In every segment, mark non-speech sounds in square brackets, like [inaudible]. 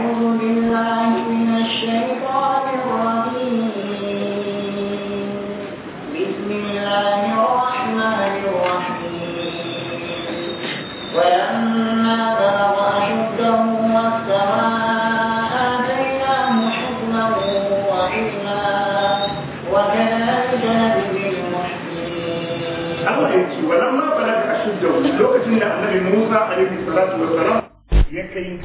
lokacin da annabi Musa alaihi salatu wa salam ya kai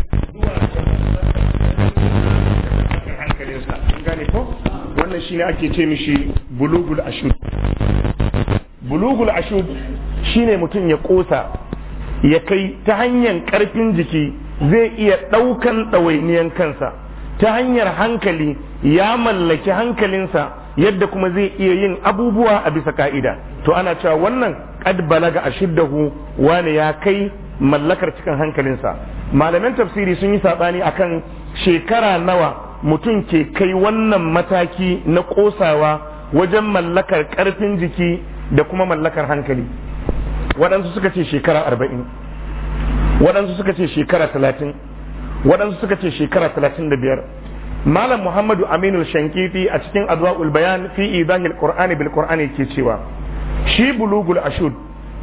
shine ake ce mishi bulugul ashud bulugul ashud shine mutum ya kosa ya kai ta hanyar karfin jiki zai iya ɗaukan ɗawainiyan kansa ta hanyar hankali ya mallaki hankalinsa yadda kuma zai iya yin abubuwa a bisa ka'ida to ana cewa wannan qad balaga ashiddahu wani ya kai mallakar cikin hankalinsa malaman tafsiri sun yi saɓani akan shekara nawa mutum ke kai wannan mataki na kosawa wajen mallakar karfin jiki da kuma mallakar hankali waɗansu suka ce shekara arba'in waɗansu suka ce shekara talatin waɗansu suka ce shekara talatin da biyar malam muhammadu aminu shankiti a cikin adwa'ul bayan fi idahil qur'ani bil qur'ani ke cewa shi bulugul ashud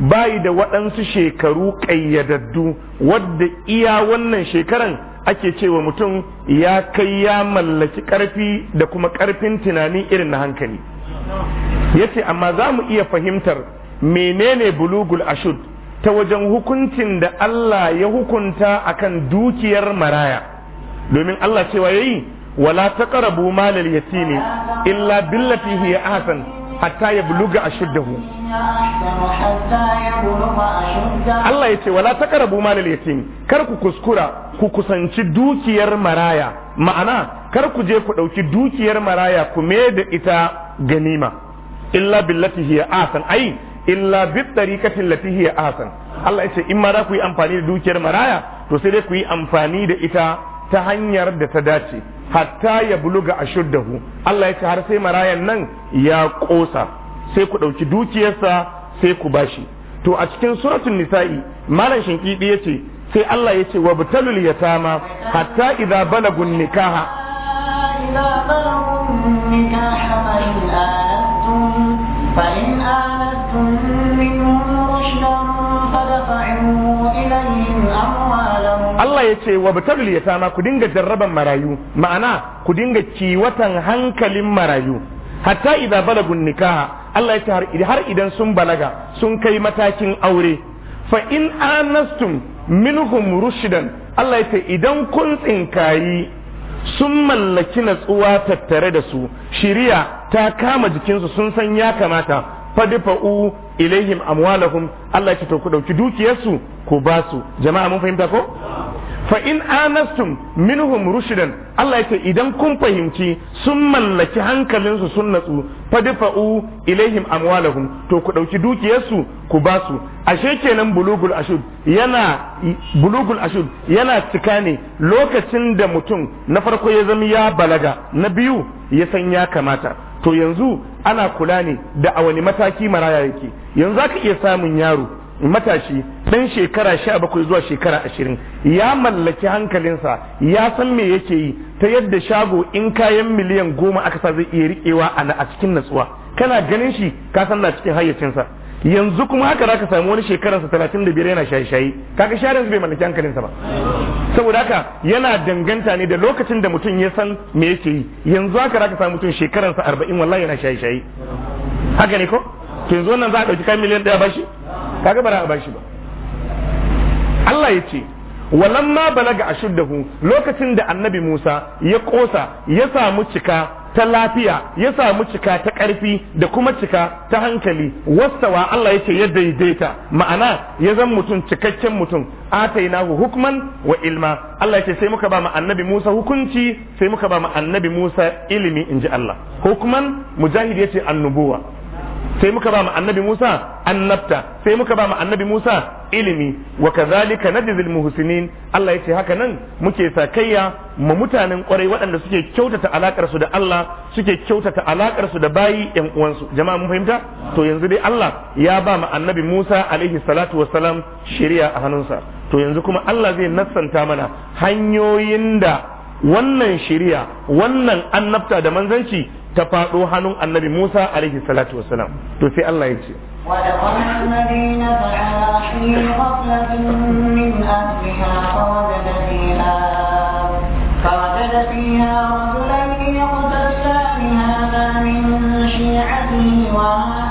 bayi da waɗansu shekaru ƙayyadaddu wadda iya wannan shekaran ake cewa mutum ya kai ya mallaki ƙarfi da kuma ƙarfin tunani irin na hankali yace amma za mu iya fahimtar menene bulugul ashud ta wajen hukuncin da Allah ya hukunta akan dukiyar maraya domin Allah cewa yayi wala taqrabu malal yatimi illa billati hiya ahsan hatta ya buluga ashuddahu Allah ya ce wala karabu malal yatim kar ku kuskura ku kusanci dukiyar maraya ma'ana kar ku je ku ɗauki dukiyar maraya ku me da ita ganima illa billati hiya asan ai illa bi tariqatin lati hiya asan Allah ya ce in ma za ku yi amfani da dukiyar maraya to sai dai ku yi amfani da ita ta hanyar da ta dace hatta ya buluga ashuddahu Allah ya ce har sai marayan nan ya kosa sai ku ɗauki dukiyarsa sai ku bashi to a cikin suratun nisa'i malam shinkiɗi ya ce sai Allah ya ce wa butalul yatama hatta idza balagun nikaha idza balagun Allah ya ce wa ya ma ku dinga jarraban marayu ma'ana ku dinga kiwatan hankalin marayu hatta idza balagun nikaha Allah ya ce har idan sun balaga sun kai matakin aure fa in anastum minhum rushdan Allah ya ce idan kun tsinkayi sun mallaki natsuwa tattare da su shiriya ta kama jikinsu sun san ya kamata fadifa'u ilaihim amwalahum Allah ce to ku dauki dukiyarsu ku ba su jama'a mun fahimta ko fa in anastum minhum rushdan Allah ya ce idan kun fahimci sun mallaki hankalinsu sun natsu fadfa'u ilaihim amwalahum to ku dauki dukiyarsu ku ba su ashe kenan bulugul ashud yana bulugul ashud yana cika ne lokacin da mutum na farko ya zama ya balaga na biyu ya san ya kamata to yanzu ana kula ne da a wani mataki maraya yake yanzu za ka iya samun yaro matashi ɗan shekara sha bakwai zuwa shekara ashirin ya mallaki hankalinsa ya san me yake yi ta yadda shago in kayan miliyan goma aka sa zai iya riƙewa a cikin natsuwa kana ganin shi ka san na cikin hayyacinsa yanzu kuma haka zaka samu wani sa talatin da biyar yana shaye-shaye kaga yanzu bai mallaki hankalinsa ba saboda haka yana danganta ne da lokacin da mutum ya san me yake yi yanzu haka zaka samu mutum shekarar sa arba'in wallahi yana shaye-shaye haka ne ko to yanzu wannan za a ɗauki kai miliyan ɗaya bashi kaga ba za a bashi ba Allah ya ce walamma balaga ashuddahu lokacin da annabi Musa ya kosa ya samu cika ta lafiya ya samu cika ta ƙarfi da kuma cika ta hankali wastawa Allah yace ya daidaita ma'ana ya zan mutum cikakken mutum atainahu hukman wa ilma Allah yace sai muka ba mu annabi Musa hukunci sai muka ba mu annabi Musa ilimi inji Allah hukman mujahid yace annubuwa sai muka ba mu annabi Musa annabta sai muka ba mu annabi Musa ilimi wa kazalika najzil muhsinin Allah yace haka nan muke sakayya mu mutanen kwarai waɗanda suke kyautata alakar su da Allah suke kyautata alakar su da bayi ƴan uwansu jama'a mun fahimta to yanzu dai Allah ya ba mu annabi Musa alaihi salatu wassalam shari'a a hannunsa to yanzu kuma Allah zai nassanta mana hanyoyin da wannan shari'a wannan annabta da manzanci ta faɗo hannun annabi Musa alaihi salatu wasalam to sai Allah ya ce فيها رجلين يقتتلان هذا من شيعته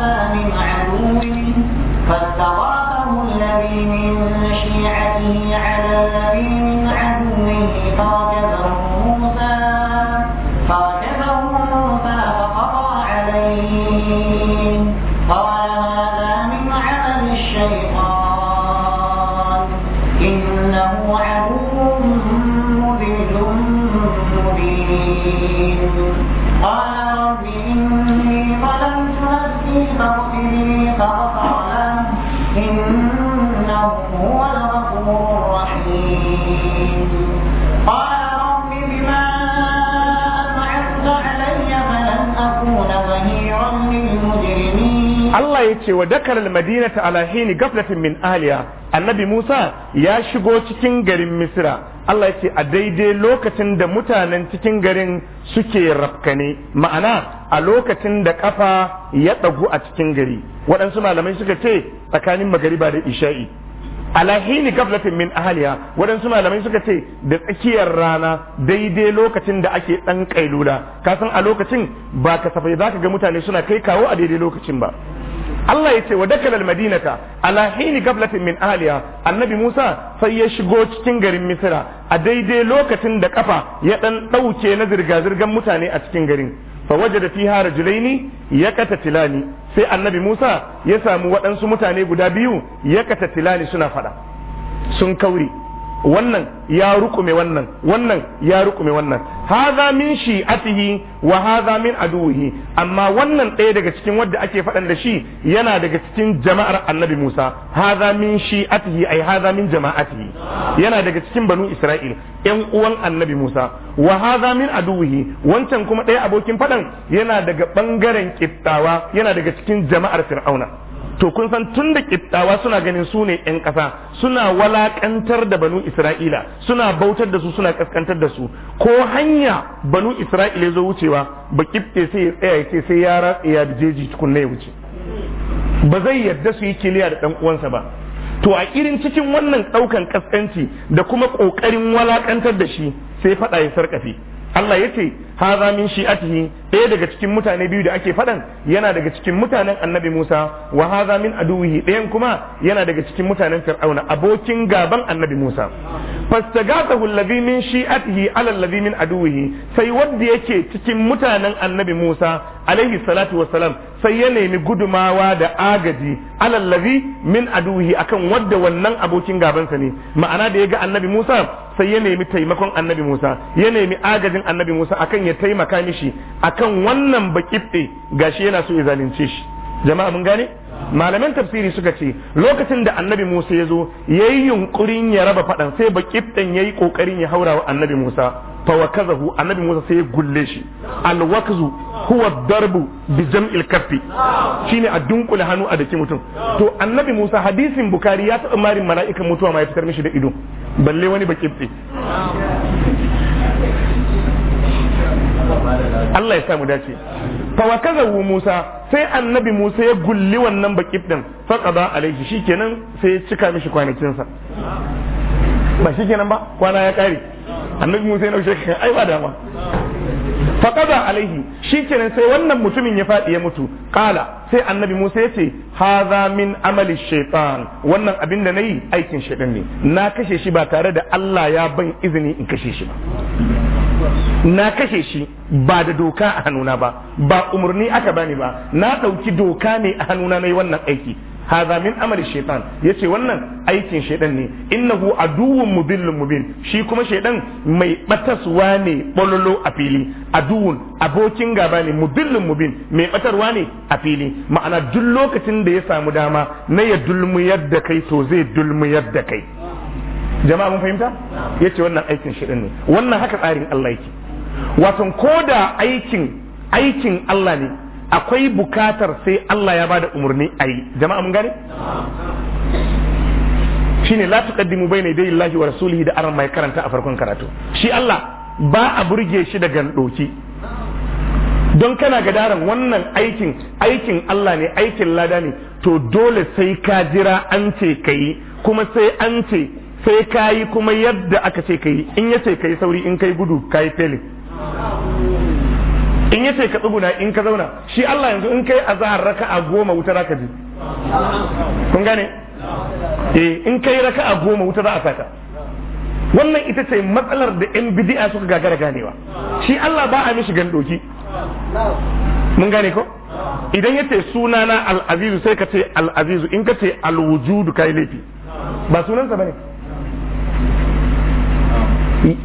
Allah ya ce wa dakar almadinata ala hini gaflatin min aliya annabi Musa ya shigo cikin garin Misra Allah ya ce a daidai lokacin da mutanen cikin garin suke rafkane ma'ana a lokacin da kafa ya ɗagu a cikin gari waɗansu malamai suka ce tsakanin ba da isha'i ala hini gaflatin min ahaliya waɗansu malamai suka ce da tsakiyar rana daidai lokacin da ake ɗan kailula kasan a lokacin ba kasafai za ka ga mutane suna kai kawo a daidai lokacin ba Allah ya ce wa dakala madinata ala hini gablatin min ahliha annabi Musa sai ya shigo cikin garin Misra a daidai lokacin da kafa ya dan dauke na zirga zirgan mutane a cikin garin fa wajada fiha rajulaini yaqatatilani sai annabi Musa ya samu waɗansu mutane guda biyu yaqatatilani suna fada sun kauri wannan ya rukume wannan wannan ya rukume wannan haza min shi'atihi wa haza min aduwihi amma wannan ɗaya daga cikin wadda ake faɗan da shi yana daga cikin jama'ar annabi Musa haza min shi'atihi ai haza min jama'atihi yana daga cikin banu Isra'il ƴan uwan annabi Musa wa haza min aduwihi wancan kuma ɗaya abokin faɗan yana daga ɓangaren kittawa yana daga cikin jama'ar Fir'auna to kun san tun da kibtawa suna ganin su ne yan ƙasa suna walakantar da banu isra'ila suna bautar da su suna kaskantar da su ko hanya banu isra'ila zo wucewa ba kifte sai ya tsaya ya ce sai ya ratsa ya jeji tukun ya wuce ba zai yarda su yi kiliya da dan uwansa ba to a irin cikin wannan ɗaukan kaskanci da kuma ƙoƙarin walakantar da shi sai faɗa ya sarƙafe Allah ya ce haza min shi shi'atihi ɗaya daga cikin mutane biyu da ake faɗan yana daga cikin mutanen annabi Musa wa haza min aduwihi ɗayan kuma yana daga cikin mutanen fir'auna abokin gaban annabi Musa fastagatahu allazi min shi shi'atihi ala allazi min aduwihi sai wanda yake cikin mutanen annabi Musa alaihi salatu wassalam sai ya nemi gudumawa da agaji ala allazi min aduwihi akan wadda wannan abokin gabansa ne ma'ana da ya ga annabi Musa sai ya nemi taimakon annabi Musa ya nemi agajin annabi Musa akan ya taimaka mishi akan wannan bakifte gashi yana so ya zalunce shi jama'a mun gane malaman tafsiri suka ce lokacin da annabi Musa ya zo ya yi yunkurin ya raba faɗan sai bakiften yayi yi ya haura wa annabi Musa wakazahu annabi Musa sai ya gulle shi alwakzu huwa darbu bi jam'il kaffi shine a dunkule hannu a daki mutum to annabi Musa hadisin bukari ya taɓa marin mala'ikan mutuwa ma ya fitar mishi da ido balle wani ba kibbe Allah ya samu dace fa wa wu Musa sai annabi Musa ya gulli wannan ba din fa qada alaihi shikenan sai ya cika mishi kwanakin sa ba shikenan ba kwana ya kare annabi musa yana shi kan ai ba dama qada alaihi shikenan sai wannan mutumin ya faɗi ya mutu qala sai annabi Musa ya ce hadha min amali shaytan wannan abin da nayi aikin shaytan ne na kashe shi ba tare da Allah ya ban izini in kashe shi ba na kashe shi ba da doka a hannuna ba ba umarni aka bani ba na ɗauki doka ne a hannuna nayi wannan aiki Hazamin min amali shaitan yace wannan aikin shaitan ne innahu aduwwun mudillun mubin shi kuma shaitan mai bataswa ne bololo a fili aduwwun abokin gaba ne mubin lumubin. mai ɓatarwa ne a fili ma'ana duk lokacin da ya samu dama na ya dulmuyar da kai to zai dulmuyar da kai jama'a mun fahimta yace wannan aikin shaitan ne wannan haka tsarin Allah yake wato ko da aikin aikin Allah ne akwai bukatar sai Allah ya bada umarni a yi jama'a mun gane shine la bai bayna yaday Allahi wa rasulihi da aran mai karanta a farkon karatu shi Allah ba a burge shi da ɗoki don kana ga daren wannan aikin aikin Allah ne aikin lada ne to dole sai ka jira an ce ka yi kuma sai an ce sai ka yi kuma yadda aka ce ka yi in ya ce yi sauri in kai gudu yi failing in yace ka tsuguna in ka zauna shi Allah yanzu in kai azhar raka'a goma wuta zaka ji kun gane eh in kai raka'a goma wuta za a saka wannan ita ce matsalar da yan bid'a suka gagara ganewa shi Allah ba a mishi gandoki mun gane ko idan yace sunana al-azizu sai ka ce al-azizu in ka ce al-wujudu kai laifi ba sunansa bane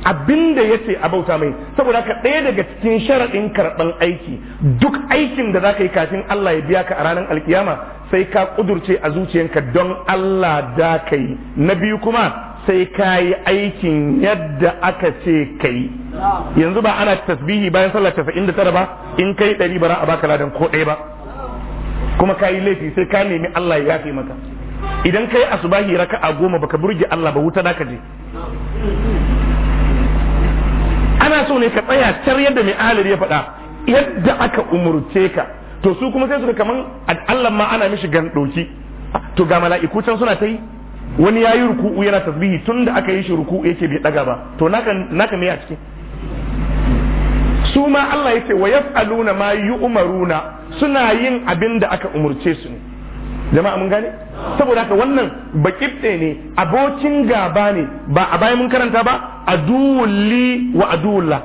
abinda ya ce a bauta mai saboda ka ɗaya daga cikin sharaɗin karɓan aiki duk aikin da za ka yi kafin Allah ya biya ka a ranar alkiyama sai ka ƙudurce a zuciyanka don Allah da ka yi na biyu kuma sai ka yi aikin yadda aka ce ka yi yanzu ba ana tasbihi bayan sallar tasa'in da tara ba in kai ɗari ba a baka ladan ko ɗaya ba kuma ka yi laifi sai ka nemi Allah ya yafe maka idan yi asubahi raka'a goma baka burge Allah ba wuta da ka je ana so ne ka tsaya tar yadda mai alir ya faɗa yadda aka umurce ka to su kuma sai suka kaman Allah ma ana mishi gan ɗauki to ga mala'iku can suna ta yi wani ya ruku'u yana tasbihi tun da aka yi shi ruku'u yake bai daga ba to naka me a cikin su ma Allah ya ce wa yaf'aluna ma yu'maruna suna yin abin da aka umurce su ne jama'a mun gane saboda haka wannan bakifte ne abokin gaba ne ba a bayan mun karanta ba aduwulli wa aduwullah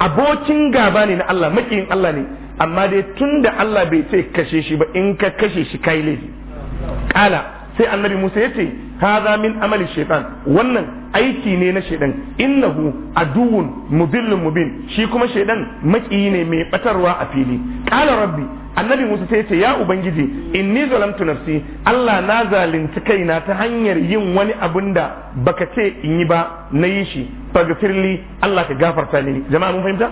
Abokin gaba ne na Allah makiyin Allah ne amma dai tunda Allah bai ce kashe shi ba in ka kashe shi kai laifi kala sai annabi Musa ya ce hadha min amali shaytan wannan aiki ne na shaidan innahu aduwwun mudillun mubin shi kuma shaidan maki ne mai batarwa a fili qala rabbi annabi Musa sai ya ce ya ubangiji inni zalamtu nafsi Allah na zalunci kaina ta hanyar yin wani abun da baka ce in yi ba na yi shi fagafirli Allah ka gafarta ni jama'a mun fahimta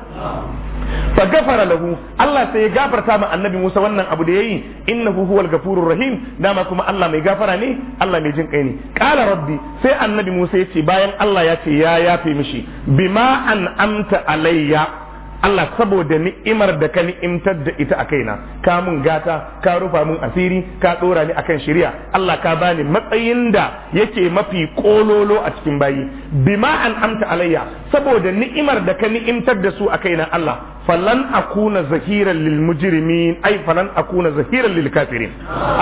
fa gafara lahu Allah sai ya gafarta ma annabi Musa wannan abu da yayi innahu huwal gafurur rahim dama kuma Allah mai gafara ne Allah mai jin kai ne qala rabbi sai annabi Musa ya ce bayan Allah yace ya yafe mishi bima an amta alayya Allah saboda ni'imar da ka ni'imtar da ita a kaina ka mun gata ka rufa mun asiri ka dora ni akan shari'a Allah ka bani matsayin da yake mafi kololo a cikin bayi bima an amta alayya saboda ni'imar da ka ni'imtar da su a kaina Allah falan akuna zahiran lil mujrimin ai falan akuna zahiran lil kafirin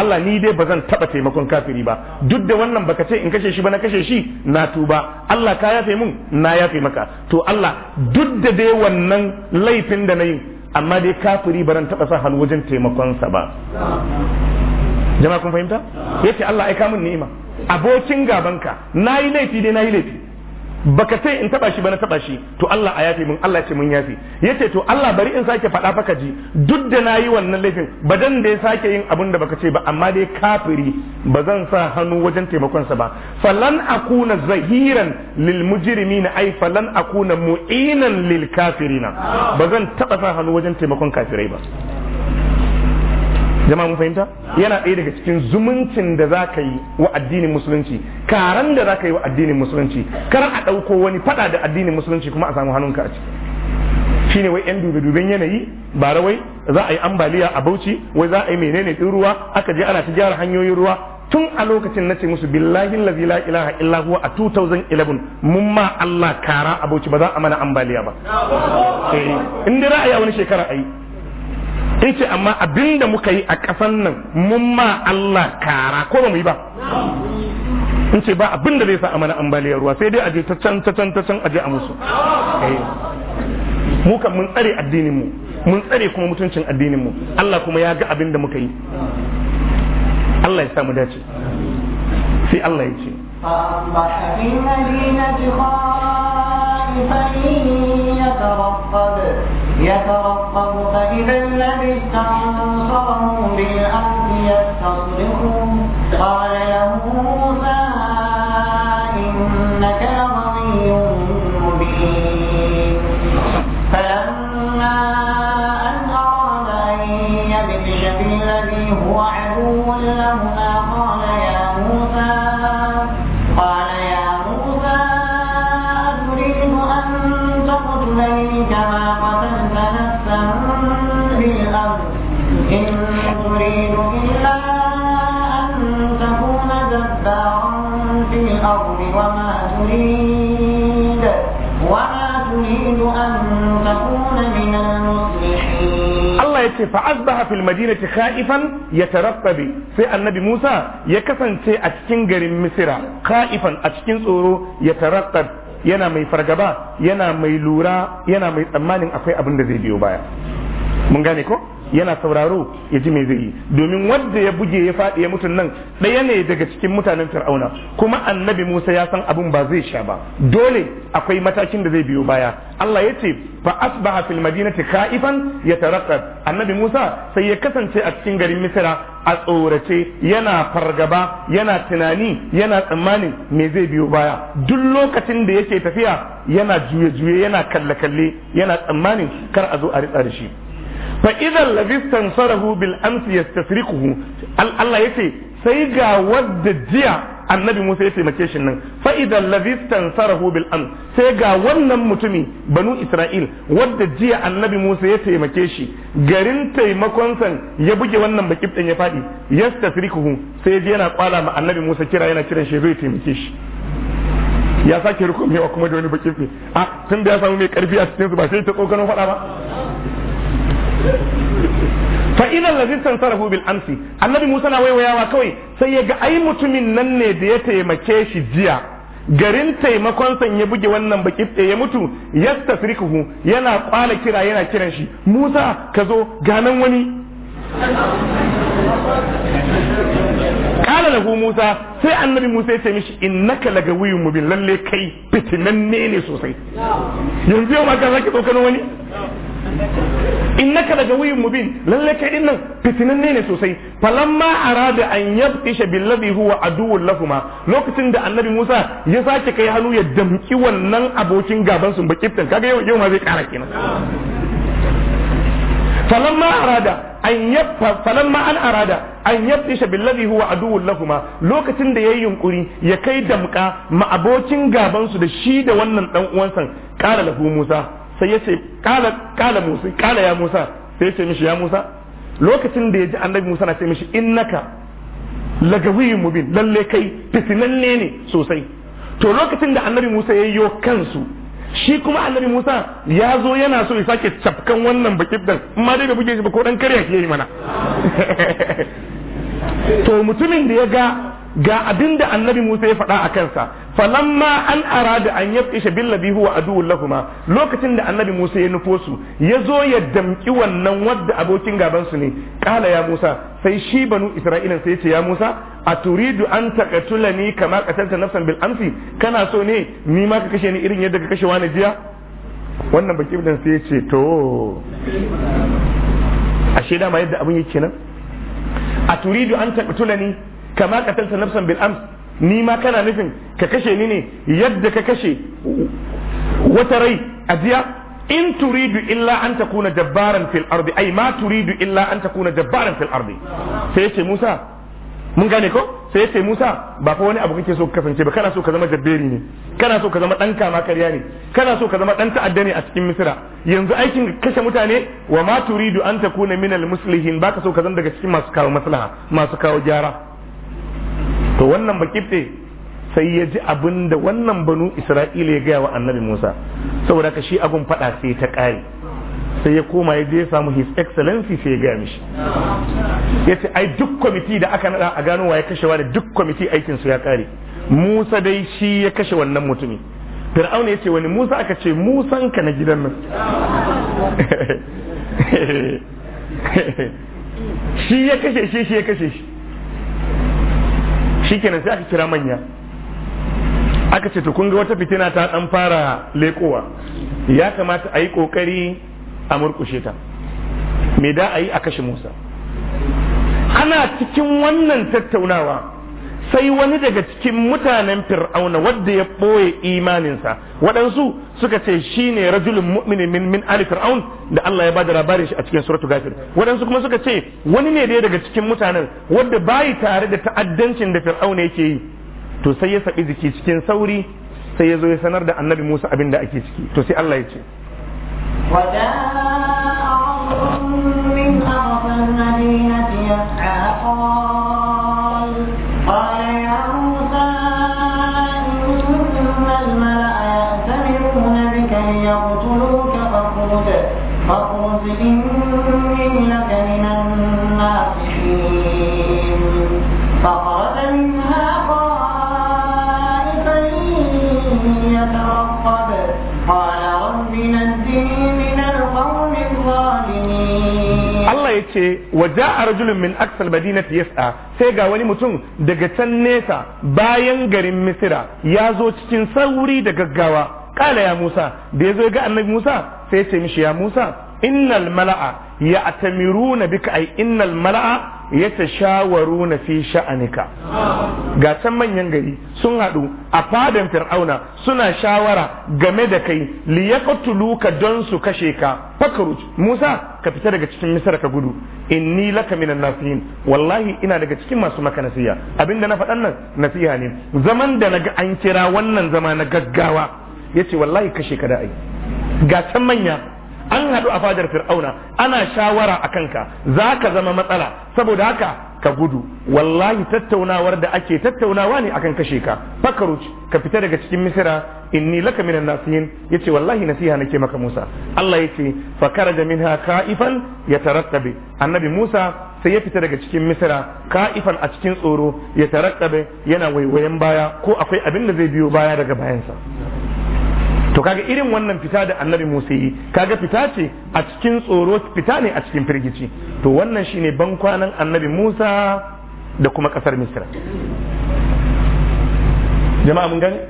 Allah ni dai bazan taba taimakon kafiri ba duk da wannan baka ce in kashe shi ba na kashe shi na tuba Allah ka yafe mun na yafe maka to Allah duk da dai wannan laifin da na yi amma dai kafiri baran taɓa sa hannu wajen taimakonsa ba jama'a kun fahimta yace Allah aika mun ni'ima abokin gabanka nayi laifi dai yi laifi baka ce in taba shi ba na taba shi to Allah a yafe mun Allah ce mun yafe yace to Allah bari in sake faɗa faka ji duk da nayi wannan laifin badan da ya sake yin abin da baka ce ba amma dai kafiri ba zan sa hannu wajen taimakonsa ba falan akuna zahiran lil mujrimina ai falan akuna mu'inan lil kafirina ba zan taba sa hannu wajen taimakon kafirai ba jama'a mun fahimta yana ɗaya daga cikin zumuncin da za ka yi wa addinin musulunci karan da za ka yi wa addinin musulunci kar a ɗauko wani faɗa da addinin musulunci kuma a samu hannunka a ciki shine wai yan dube-duben yanayi ba rawai za a yi ambaliya a bauchi wai za a yi menene ɗin ruwa aka je ana ta gyara hanyoyin ruwa tun a lokacin na ce musu billahi allazi la ilaha illa huwa a 2011 mun ma Allah kara a bauchi ba za a mana ambaliya ba eh, in da ra'ayi a wani shekara yi yace amma abinda muka yi a kasan nan mun ma Allah kara ko ba mu yi ba in ce ba abinda zai sa a mana ambaliyar ruwa sai dai aje ta can ta can ta can aje a musu eh. mu kan mun tsare addinin mu mun tsare kuma mutuncin addinin mu Allah kuma ya ga abinda muka yi Allah ya sa mu dace sai Allah ya ce فأصبح في يترقب فإذا الذي استنصره بالأرض يستصرخه قال له موسى فأصبح في المدينة خائفا يترقب سي النبي موسى يكسن سي أتكين غرين مصر خائفا أتكين سورو يترقب yana mai fargaba yana mai lura yana mai tsammanin akwai abin da zai biyo baya mun gane ko yana sauraro ya ji me zai yi domin wanda ya buge ya faɗi ya mutun nan ɗaya ne daga cikin mutanen fir'auna kuma annabi Musa ya san abin ba zai sha ba dole akwai matakin da zai biyo baya Allah ya ce fa asbaha fil madinati ka'ifan yatarqab annabi Musa sai ya kasance a cikin garin misira a tsorace yana fargaba yana tunani yana tsammanin me zai biyo baya duk lokacin da yake tafiya yana juye juye yana kalle kalle yana tsammanin kar a zo a ritsa da shi fa idan labistan sarahu bil amsi yastasriquhu Allah yace sai ga wadda jiya annabi Musa ya taimake shi nan fa idan labistan sarahu bil am sai ga wannan mutumi banu Isra'il wadda jiya annabi Musa ya taimake shi garin taimakon san ya buge wannan bakib din ya fadi yastasriquhu sai ji yana kwala ma annabi Musa kira yana kiran shi zai taimake shi ya sake rukumewa kuma da wani bakib ne a tun da ya samu mai karfi a cikin su ba sai ta tsokano faɗa ba fa idan lazistan sarahu bil amsi annabi musa na waiwayawa kawai sai ya ga ai mutumin nan ne da ya taimake shi jiya garin taimakon san ya buge wannan baki eh, ya mutu yastasrikuhu yana kwala kira yana kiran shi musa ka zo ganan wani kala lahu musa sai annabi musa ya ce mishi innaka lagawiyyun mubin lalle kai fitinanne ne sosai yanzu yau ma ka zaki tsokanin wani naka daga wuyin mubin lalle kai dinnan fitinanne ne sosai falamma arada an yabtisha billadhi huwa aduwwul lahuma lokacin da annabi Musa ya sake kai hannu ya damki wannan abokin gaban su bakiftan kaga yau yau ma zai kara kenan falamma arada an yabta falamma an arada an yabtisha billadhi huwa aduwwul lahuma lokacin da yayin yunkuri ya kai damka ma abokin gaban su da shi da wannan dan uwansa kara lahu Musa sai ya ce kala musa kala ya musa sai ya ce mishi ya musa lokacin da ya ji annabi musa na ce mishi innaka lagawiyin mubin lalle kai fitinanne ne sosai to lokacin da annabi musa ya yo kansu shi kuma annabi musa ya zo yana so ya sake cafkan wannan bakin dan amma dai da buge shi ba ko dan karya ke yi mana [laughs] to mutumin da ya ga ga abin da annabi musa ya faɗa a kansa falamma an arada an yabqisha billabi huwa aduwwul lahuma lokacin da annabi Musa ya nufo su yazo ya damki wannan wadda abokin gaban su ne kala ya Musa sai shi banu Isra'ilan sai ce ya Musa aturidu an taqatulani kama qatalta nafsan bil amsi kana so ne ni ma ka kashe ni irin yadda ka kashe wani jiya wannan baki bidan sai ya ce to ashe dama yadda abun yake nan aturidu an taqatulani kama qatalta nafsan bil amsi ni ma kana nufin ka kashe ni ne yadda ka kashe wata rai a jiya in turidu illa an takuna jabbaran fil ardi ai ma turidu illa an takuna jabbaran fil ardi sai yace Musa mun gane ko sai yace Musa ba fa wani abu kake so ka kasance ba kana so ka zama jabberi ne kana so ka zama dan kama kariya ne kana so ka zama dan ta'adda ne a cikin Misira. yanzu aikin kashe mutane wa ma turidu an takuna minal muslihin baka so ka zama daga cikin masu kawo maslaha masu kawo gyara to wannan ba kifte sai ya ji abin da wannan banu isra'ila ya gaya wa annabi musa saboda ka shi abin faɗa sai ta ƙare sai ya koma ya je ya samu his excellency sai ya gaya mishi ya ce ai duk kwamiti da aka naɗa a gano wa ya kashewa da duk kwamiti aikinsu ya ƙare musa dai shi ya kashe wannan mutumi fir'auna ya ce wani musa aka ce musan ka na gidan nan [laughs] shi ya kashe shi shi ya kashe shi shikenan sai aka kira manya aka ce to kun ga wata fitina ta dan fara lekowa ya kamata a yi kokari a murkushe ta me da a yi a kashe musa ana cikin wannan tattaunawa sai wani daga cikin mutanen fir'auna wadda ya ɓoye imaninsa waɗansu suka ce shi ne rajulun mu'minin min min ali fir'aun da Allah ya bada labarin shi a cikin suratu gafir waɗansu kuma suka ce wani ne dai daga cikin mutanen wadda bayi tare da ta'addancin da fir'auna yake yi to sai ya saɓi jiki cikin sauri sai ya zo ya sanar da annabi musa abin da ake ciki to sai Allah ya ce وجاء من أرض المدينة يسعى yace wa ja'a rajulun min aqsal madinati yas'a sai ga wani mutum daga can nesa bayan garin misira ya zo cikin sauri da gaggawa kala ya musa da ya zo ga annabi musa sai ya ce mishi ya musa innal mala'a ya atamiruna bika ai innal mala'a ya ta shawaru na fi sha'anika ga can manyan gari sun haɗu a fadan fir'auna suna shawara game da kai liyaqtuluka don su kashe ka fakaru musa ka fita daga cikin misar ka gudu inni laka minan nasihin wallahi ina daga cikin masu maka nasiha abinda na faɗan nan nasiha ne zaman da naga an kira wannan zama na gaggawa yace wallahi kashe ka da ai ga can manya an haɗu a fadar fir'auna ana shawara a kanka za ka zama matsala saboda haka ka gudu wallahi tattaunawar da ake tattaunawa ne akan kashe ka fakaruci ka fita daga cikin misira inni laka minan nasihin yace wallahi nasiha nake maka Musa Allah yace fa karaja minha kaifan yatarattabi annabi Musa sai ya fita daga cikin misira kaifan a cikin tsoro yatarattabi yana waiwayen baya ko akwai abin da zai biyo baya daga bayansa to kaga irin wannan fita da annabi Musa yi kaga fita ce a cikin tsoro fita ne a cikin firgici to wannan shine bankwanan annabi Musa da kuma kasar Misra jama'a mun gane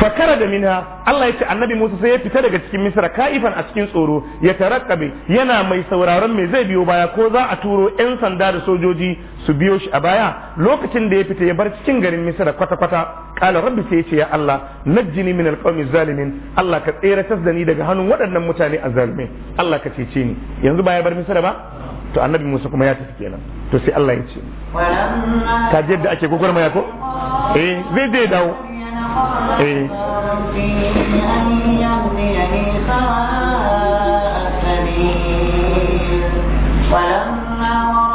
fakara da minha Allah ya ce annabi Musa sai ya fita daga cikin Misra ka'ifan a cikin tsoro ya tarakkabe yana mai sauraron me zai biyo baya ko za a turo yan sanda da sojoji su biyo shi a baya lokacin da ya fita ya bar cikin garin Misra kwata kwata kala rabbi sai ya ce ya Allah najjini min alqawmi zalimin Allah ka tsere da ni daga hannun waɗannan mutane azzalimai Allah ka cece ni yanzu baya bar Misra ba to annabi Musa kuma ya tafi kenan to sai Allah ya ce ka yadda ake ya ko eh zai dai dawo ولما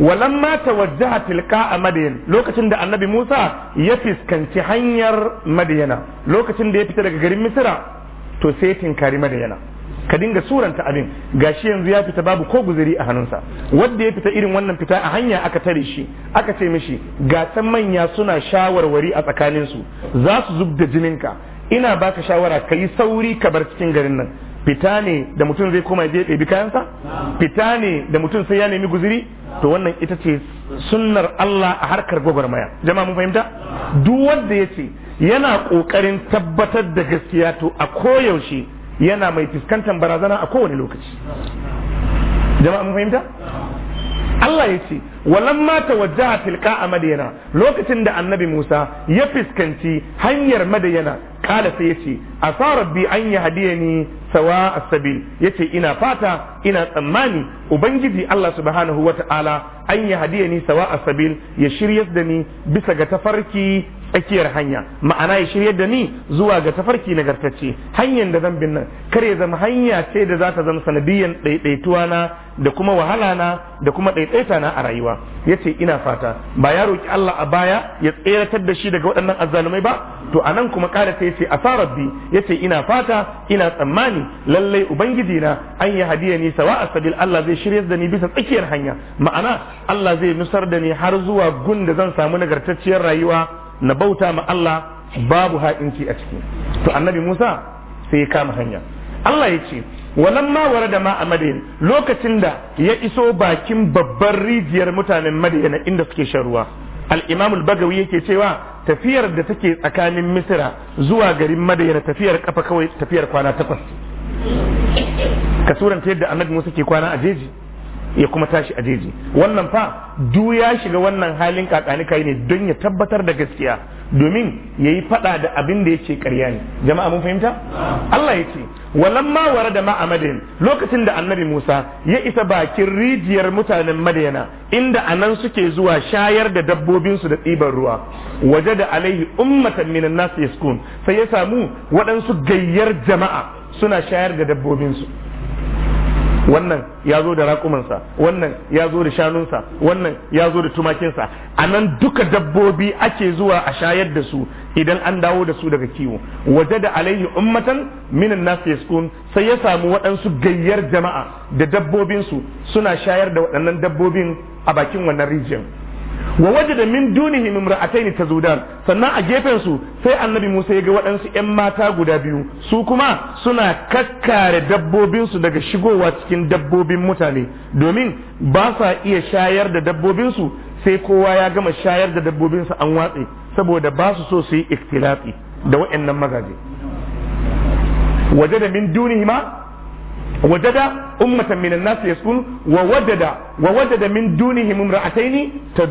walamma tawajjaha tilka a lokacin da annabi musa ya fiskanci hanyar madayana lokacin da ya fita daga garin misira to sai ya tinkari madayana ka dinga suranta abin gashi yanzu ya fita babu ko guzuri a hannunsa wanda ya fita irin wannan fita a hanya aka tare shi aka ce mishi gasan manya suna shawarwari a tsakaninsu za su zub da ka ina baka shawara ka yi sauri ka bar cikin garin nan fita ne da mutum zai koma je ɗabi kayansa fita ne da mutum sai ya nemi guziri to wannan ita ce sunnar Allah a harkar gwagwarmaya jama'a mun fahimta duk wanda ya ce yana ƙoƙarin tabbatar da gaskiya to a koyaushe yana mai fuskantar barazana a kowane lokaci jama'a mun fahimta Allah ya ce walamma a tilka a madayana lokacin da annabi Musa ya fuskanci hanyar madayana kala sai ya ce sa rabbi an yi hadiyani sawa asabil ya ce ina fata ina tsammani ubangiji Allah subhanahu wa ta'ala an yi hadiyani sawa asabil ya shirya da ni bisa ga tafarki tsakiyar hanya ma'ana ya shirya da ni zuwa ga tafarki nagartacce hanyar da zan bin nan kar ya zama hanya ce da za ta zama sanadiyan ɗaiɗaituwa na da kuma wahala na da kuma ɗaiɗaita na a rayuwa Ya ce ina fata ba ya roƙi Allah a baya ya tseratar da shi daga waɗannan azzalumai ba to a nan kuma ƙara ta a Rabbi! bi ce ina fata ina tsammani lallai ubangiji na an yi hadiya ni sawa sabil Allah zai shirya da ni bisa tsakiyar hanya ma'ana Allah zai nusar da ni har zuwa gun da zan samu nagartacciyar rayuwa na bauta ma Allah babu ha'inci a ciki to annabi Musa sai ya kama hanya Allah ya ce walamma warada ma a madayin lokacin da ya iso bakin babbar rijiyar mutanen madayana inda suke shan ruwa al-imamul bagawi yake cewa tafiyar da take tsakanin misira zuwa garin madayana tafiyar kafa kawai tafiyar kwana takwas ka suranta yadda annabi Musa ke kwana a jeji ya kuma tashi a jeji wannan fa du ya shiga wannan halin kakani kai ne don ya tabbatar da gaskiya domin ya yi fada da abin da ya ce karya ne jama'a mun fahimta Allah ya ce ma wara da ma'amadin lokacin da annabi Musa ya isa bakin rijiyar mutanen Madiyana inda anan suke zuwa shayar da dabbobinsu da tsibar ruwa waje da alaihi ummatan minan nasu yaskun sai ya samu waɗansu gayyar jama'a suna shayar da dabbobinsu wannan ya zo da raƙumansa wannan ya zo da shanunsa wannan ya zo da tumakinsa a nan duka dabbobi ake zuwa a shayar da su idan an dawo da su daga kiwo waje da alaihi ummatan minan nasu yaskun sai ya samu waɗansu gayyar jama'a da dabbobinsu suna shayar da waɗannan dabbobin a bakin wannan rijiyar wa wajada min dunihi imra'atayn tazudan sannan a gefen su sai annabi Musa ya ga waɗansu ƴan mata guda biyu su kuma suna kakkare dabbobin su daga shigowa cikin dabbobin mutane domin ba sa iya shayar da dabbobin su sai kowa ya gama shayar da dabbobin su an watse saboda ba su so su yi iktilafi da waɗannan mazaje wajada min dunihi ma وجد wa من wa wajada ووجد ووجد من دونهم ta.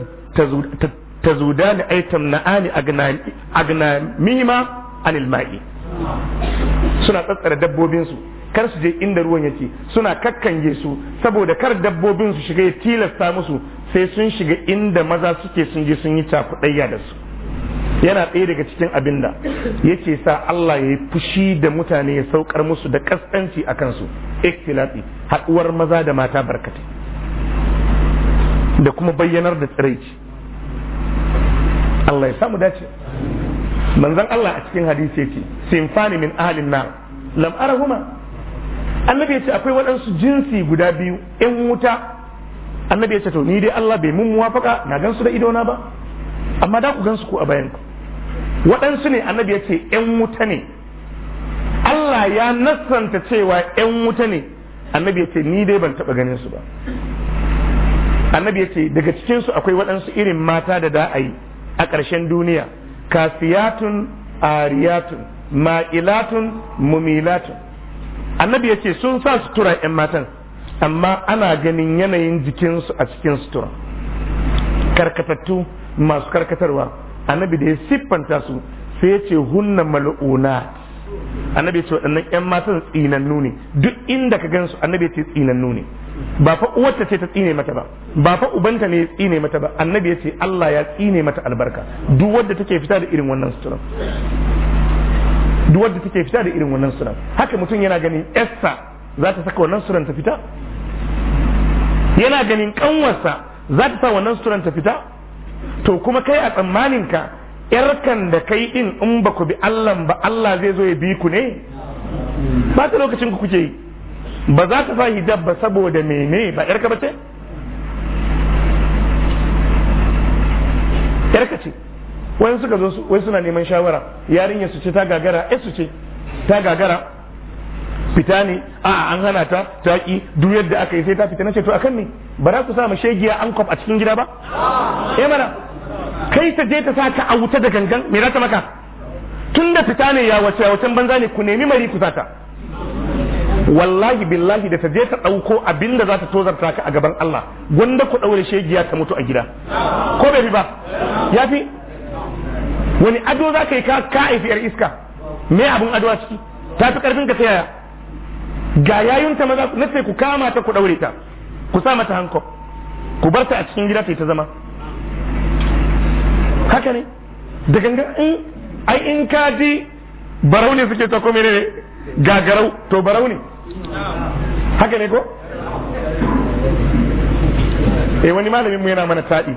تزودان أي اغنى ميما عن الماء suna tsatsara dabbobinsu kar su je inda ruwan yake suna kakkange su saboda kar dabbobin su shiga ya tilasta musu sai sun shiga inda maza suke sun je sun yi cakuɗayya da su yana ɗaya daga cikin abin da yake sa Allah ya yi fushi da mutane ya saukar musu da kasanci a kansu ikhtilafi haɗuwar maza da mata barkatai da kuma bayyanar da tsiraici Allah ya samu dace manzon Allah a cikin hadisi yake simfani min ahlin nar lam arahuma annabi ce akwai waɗansu jinsi guda biyu in wuta annabi ya ce to ni dai Allah bai mun muwafaka na gan su da idona ba amma da ku gan su ko a bayan ku waɗansu ne annabi ya ce yan wuta ne Allah ya nasanta cewa yan wuta ne annabi ya ce ni dai ban taɓa ganin su ba annabi ya ce daga cikinsu akwai waɗansu irin mata da da'ayi a ƙarshen duniya kasiyatun ariyatun ma'ilatun mumilatun annabi ya ce sun sa sutura 'yan matan amma ana ganin yanayin jikinsu a cikin sutura karkatattu masu karkatarwa annabi da ya siffanta su sai ya ce hunna mal'una annabi ya ce waɗannan 'yan matan tsinannu ne duk inda ka gansu annabi ya ce tsinannu ne ba fa uwarta ce ta tsine mata ba ba fa ubanta ne ya tsine mata ba annabi ya ce Allah ya tsine mata albarka duk wanda take fita da irin wannan sutura duk wanda take fita da irin wannan sutura haka mutum yana ganin Esta za ta saka wannan suran ta fita yana ganin kanwarsa za ta sa wannan suran ta fita to kuma kai a tsammanin ka yarkan da kai din in ba ku bi Allah ba Allah zai zo ya bi ku ne ba ta lokacin ku kuke yi ba za ta sa hijab ba saboda mene ba yarka ba ce yarka ce wani suka zo wai suna neman shawara yarinya su ce ta gagara eh su ce ta gagara fita ne a an hana ta ta ki duk yadda aka yi sai ta fita na ce to akan ne ba za ku sa mu shegiya an kwaf a cikin gida ba eh mana kai ta je ta sa ka a wuta da gangan me za ta maka tun da fita ne ya wace wacen banza ne ku nemi mari ku sata wallahi billahi da ta je ta ɗauko abinda za ta tozarta ka a gaban Allah gwanda ku ɗaure shegiya ta mutu a gida ko bai fi ba ya fi wani ado za ka yi ka yar iska me abin ado a ciki ta fi ƙarfin ka ta yaya ga yayunta maza na sai ku kama ta ku ɗaure ta ku sa mata hanko ku bar ta a cikin gida ta zama haka ne da ganga in ai in ka ji barau ne suke ta ko menene gagarau to barau ne haka ne ko E, wani malamin mu yana mana taɗi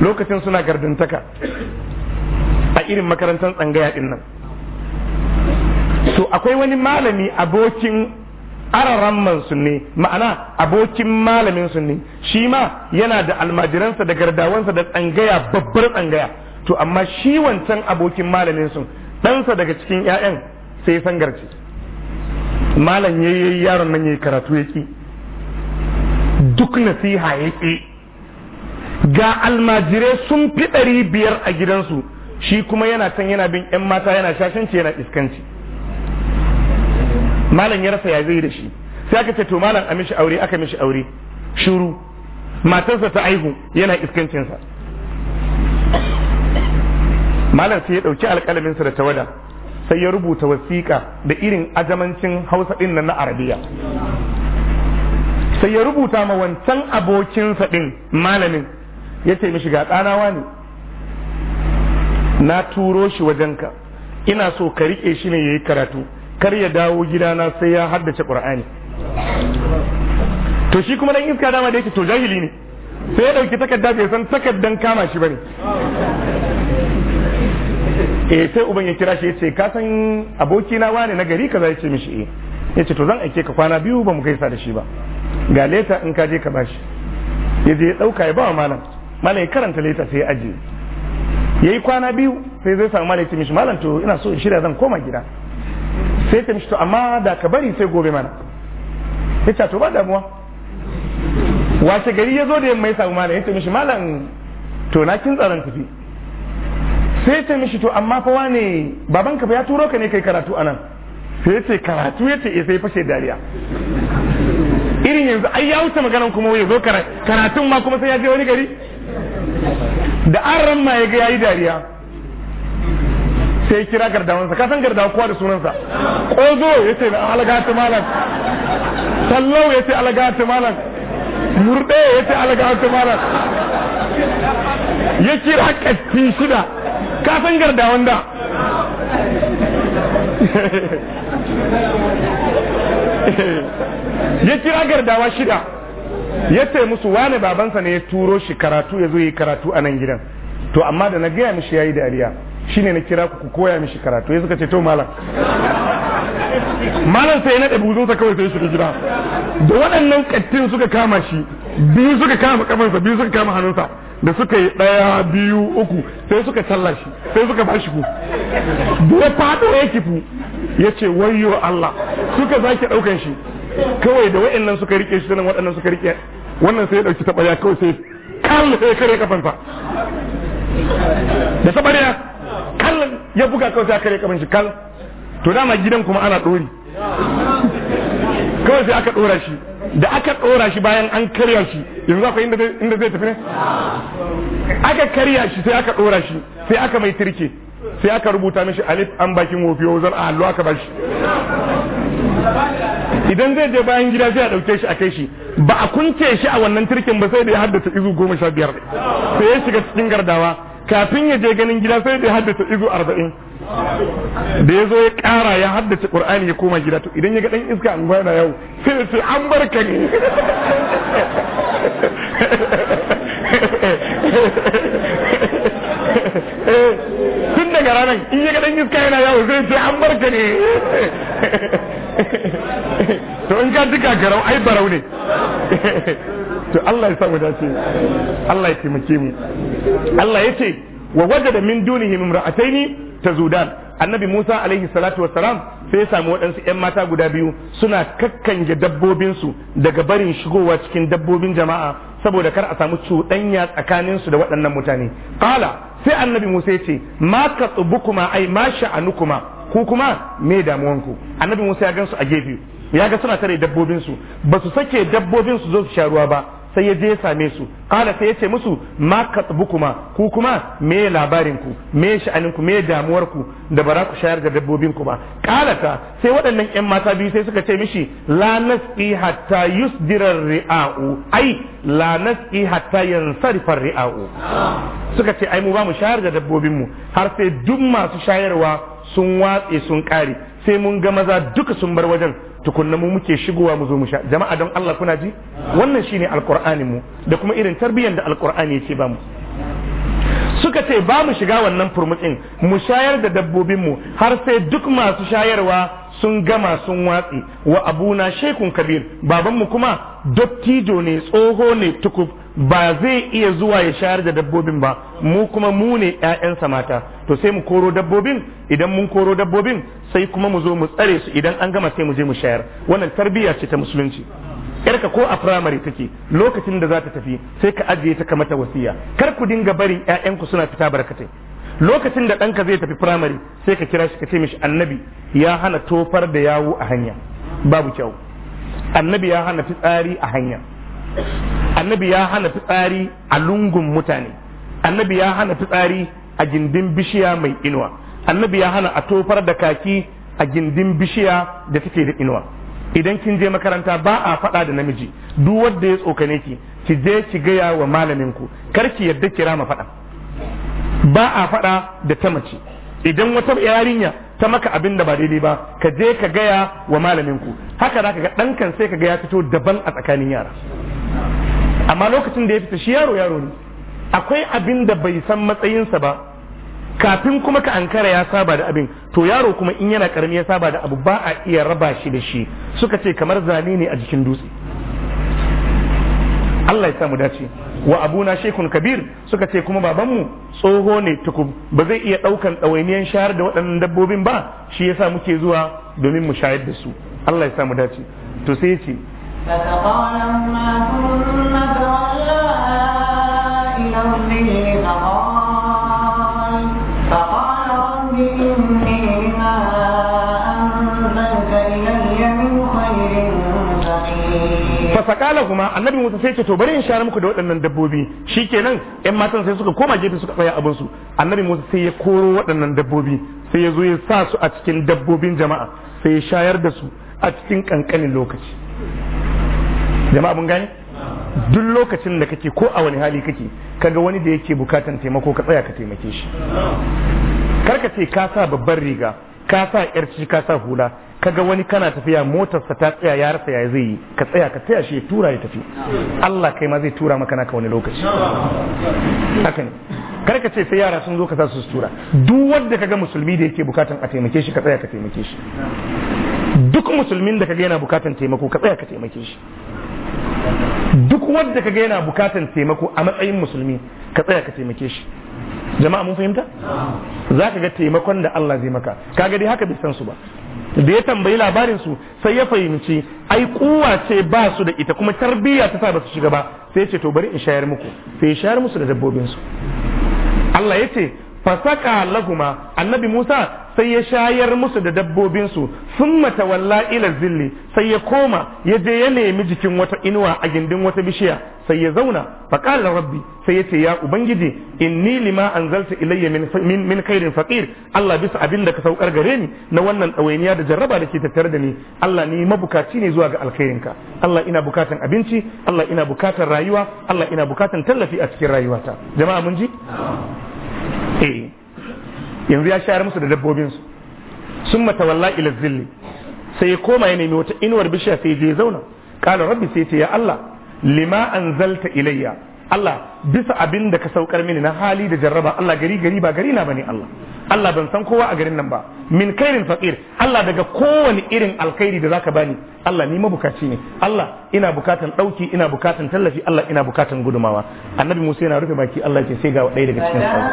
lokacin suna gardantaka a irin makarantar tsangaya din nan to akwai wani malami abokin araran su ne ma'ana abokin malamin su ne shi ma yana da almajiransa da gardawansa da tsangaya babbar tsangaya to amma shi wancan abokin malamin su ɗansa daga cikin 'ya'yan sai sangarci malam yayi yaron nan yayi karatu yake duk nasiha yake ga almajirai sun fi ɗari biyar a gidansu shi kuma yana can yana bin 'yan mata yana shashanci yana iskanci malam ya rasa ya zai da shi sai aka ce to malam a mishi aure aka mishi aure shuru matarsa ta aihu yana iskancinsa malam sai ya ɗauki alƙalaminsa da tawada sai ya rubuta wasiƙa da irin ajamancin hausa ɗin nan na arabiya sai ya rubuta ma wancan abokinsa ɗin malamin ya ce mishi ga ɗanawa ne na turo shi wajenka ina so ka riƙe shi ne ya yi karatu kar ya dawo gidana sai ya haddace ƙur'ani to shi kuma dan iska dama da yake to jahili ne sai ya ɗauki takarda bai san takardan kama shi ba ne. eh sai uban ya kira shi ya ce ka san aboki na wane na gari kaza ya ce mishi eh ya ce to zan aike ka kwana biyu ba mu gaisa da shi ba ga leta in ka je ka bashi ya je ya dauka ya ba wa malam malam ya karanta leta sai ya ajiye yayi kwana biyu sai zai samu malam ya ce mishi malam to ina so in shirya zan koma gida sai ya ce mishi to amma da ka bari sai gobe mana ya ce to ba damuwa wace gari ya zo da yamma ya samu malam ya ce mishi malam to na kin tsaron tafi sai ce mishi to amma fa wane babanka fa ya turo ka ne kai karatu anan sai ce karatu ya ce eh, sai fashe dariya irin yanzu ai ya wuce maganan kuma ya zo karatun ma kuma sai ya je wani gari da an ramma ya ga yayi dariya sai kira gardawansa ka san gardawa kowa da sunansa kozo ya ce alagatu malam sallau ya ce alagatu malam murde ya ce alagatu malam ya kira katti shida ka san garda da ya kira gardawa shida ya ce musu wane babansa ne ya turo shi karatu ya zo yi karatu a nan gidan to amma da na gaya mishi yayi da aliya shine na kira ku koya mishi karatu ya suka ce to malam malam sai na ɗabi buzunsa kawai sai shiga gida da waɗannan kattin suka kama shi biyu suka kama kafansa biyu suka kama hannunsa da suka yi ɗaya biyu uku sai suka tallashi sai suka bashi ku da ya faɗo ya kifu ya ce wayo Allah suka zaki ɗaukan shi kawai da wa'annan suka rike shi sanan waɗannan suka rike wannan sai ya ɗauki taɓarya kawai sai kallon sai kare kafansa da taɓarya kallon ya buga kawai sai kare kafan shi kallon to dama gidan kuma ana ɗori kawai sai aka dora shi da aka dora shi bayan an karya shi yanzu akwai inda zai tafi ne aka karya shi sai aka dora shi sai aka mai tirke sai aka rubuta mishi alif an bakin wofi yau zan a aka bashi idan zai je bayan gida sai a dauke shi a kai shi ba a kunce shi a wannan tirkin ba sai da ya haddasa izu goma sha biyar sai ya shiga cikin gardawa kafin ya je ganin gida sai da ya haddasa izu arba'in da ya zo ya ƙara ya haddace ƙur'ani ya koma gida to idan ya ga ɗan iska an gwana yau sai ya ce an barka ne tun daga ranar in ya ga ɗan iska yana yawo sai ya ce an barka ne to in ka ji garau ai barau ne to Allah ya samu dace Allah ya taimake mu Allah ya ce wa wajada min dunihim imra'ataini ta zudan annabi musa alaihi salatu salam sai ya samu waɗansu 'yan mata guda biyu suna kakkanje dabbobinsu daga barin shigowa cikin dabbobin jama'a saboda kar a samu cuɗanya tsakaninsu da waɗannan mutane qala sai annabi musa ya ce ma katsubukuma ai ma sha'anukuma ku kuma me damuwanku annabi musa ya gansu a gefe ya ga suna tare dabbobinsu ba su sake dabbobinsu zo su sha ruwa ba sai ya je ya same su kala sai ya ce musu ma kuma ku kuma me labarin ku me sha'anin ku me damuwar ku da bara ku shayar da dabbobin ku ba kala ta sai waɗannan 'yan mata biyu sai suka ce mishi la nasqi hatta yusdira ri'a'u ai la nasqi hatta yansarifa ri'a'u suka ce ai mu ba mu shayar da dabbobin mu har sai duk masu shayarwa sun watse sun kare sai mun ga maza duka sun bar wajen tukunna mu muke shigowa mu zo mu sha jama'a don Allah kuna ji wannan shine alqur'ani mu da kuma irin tarbiyyar da alqur'ani yake ba mu suka ce ba mu shiga wannan furmutsin mu shayar da dabbobin mu har sai duk masu shayarwa sun gama sun watsi wa abuna shekun kabir babanmu kuma dottijo ne tsoho ne tukub ba zai iya zuwa ya shayar da dabbobin ba mu kuma mu ne yayansa mata to sai mu koro dabbobin idan mun koro dabbobin sai kuma mu zo mu tsare su idan an gama sai mu je mu shayar wannan tarbiyya ce ta musulunci yarka ko a firamare take lokacin da za ta tafi sai ka ajiye ta kamata wasiya kar ku dinga barin ya'yanku suna fita barkatai lokacin da ɗanka zai tafi firamare sai ka kira shi ka ce mishi annabi ya hana tofar da yawo a hanya babu kyau annabi ya hana fitsari a hanya annabi ya hana fitsari a lungun mutane annabi ya hana fitsari a gindin bishiya mai inuwa annabi ya hana a tofar da kaki a gindin bishiya da take da inuwa idan kin je makaranta ba a faɗa da namiji duk wanda ya tsokane ki ki je ki gaya wa malamin ku kar ki yarda ki rama faɗa ba a faɗa da ta mace idan wata yarinya ta maka abin da ba daidai ba ka je ka gaya wa malamin ku haka ka ga ɗankan sai ka ga ya fito daban a tsakanin yara amma lokacin da ya fita shi yaro yaro ne akwai abin da bai san matsayinsa ba kafin kuma ka ankara ya saba da abin to yaro kuma in yana karami ya saba da abu ba a iya raba shi da shi suka ce kamar zane ne a jikin dutse Allah ya samu dace wa abuna shekun kabir suka ce kuma babanmu tsoho ne tukub ba zai iya ɗaukan ɗawainiyar shayar da waɗannan dabbobin ba shi yasa muke zuwa domin mu shayar da su Allah ya sa mu dace to sai ya ce fakala kuma annabi musa sai ce to bari in share muku da waɗannan dabbobi shikenan yan matan sai suka koma gefe suka tsaya abin su annabi musa sai ya koro waɗannan dabbobi sai ya zo ya sa su a cikin dabbobin jama'a sai ya shayar da su a cikin kankanin lokaci jama'a mun gane duk lokacin da kake ko a wani hali kake kaga wani da yake bukatan taimako ka tsaya ka taimake shi Kar ka ce ka sa babban riga ka sa yarci ka sa hula kaga wani kana tafiya motarsa ta tsaya ya rasa ya zai yi ka tsaya ka tsaya shi ya tura ya tafi Allah kai ma zai tura maka naka wani lokaci haka ne kar ka ce sai yara sun zo ka sa su tura duk wanda kaga musulmi da yake bukatan a taimake shi ka tsaya ka taimake shi duk musulmin da kaga yana bukatan taimako ka tsaya ka taimake shi duk wanda kaga yana bukatan taimako a matsayin musulmi ka tsaya ka taimake shi jama'a mun fahimta za ka ga taimakon da Allah zai maka kaga dai haka bai san su ba da ya tambayi labarin su sai ya fahimci ai kuwa ce ba su da ita kuma tarbiyya ta sa ba su shiga ba sai ya ce to bari in shayar muku sai ya shayar musu da dabbobin su Allah ya ce fasaka lahuma annabi Musa sai ya shayar musu da dabbobinsu sun walla ila zilli sai ya koma ya je ya nemi jikin wata inuwa a gindin wata bishiya sai ya zauna faqala rabbi sai ya ce ya ubangiji inni lima anzalta ilayya min min khairin faqir Allah bisa abin da ka saukar gare ni na wannan ɗawainiya da jarraba da ke tattare da ni Allah ni mabukaci ne zuwa ga alkhairinka Allah ina bukatan abinci Allah ina bukatan rayuwa Allah ina bukatan tallafi a cikin rayuwata jama'a mun ji eh yanzu ya shayar musu da dabbobinsu sun mata ila zilli sai ya koma ya nemi wata inuwar bishiya sai je zauna kala rabbi sai ce ya Allah lima anzalta ilayya Allah bisa abin da ka saukar mini na hali da jarraba Allah gari gari ba gari na bane Allah Allah ban san kowa a garin nan ba min kairin faqir Allah daga kowane irin alkhairi da zaka bani Allah ni mabukaci ne Allah ina bukatan dauki ina bukatan tallafi Allah ina bukatan gudumawa annabi Musa yana rufe baki Allah ke sai ga ɗaya daga cikin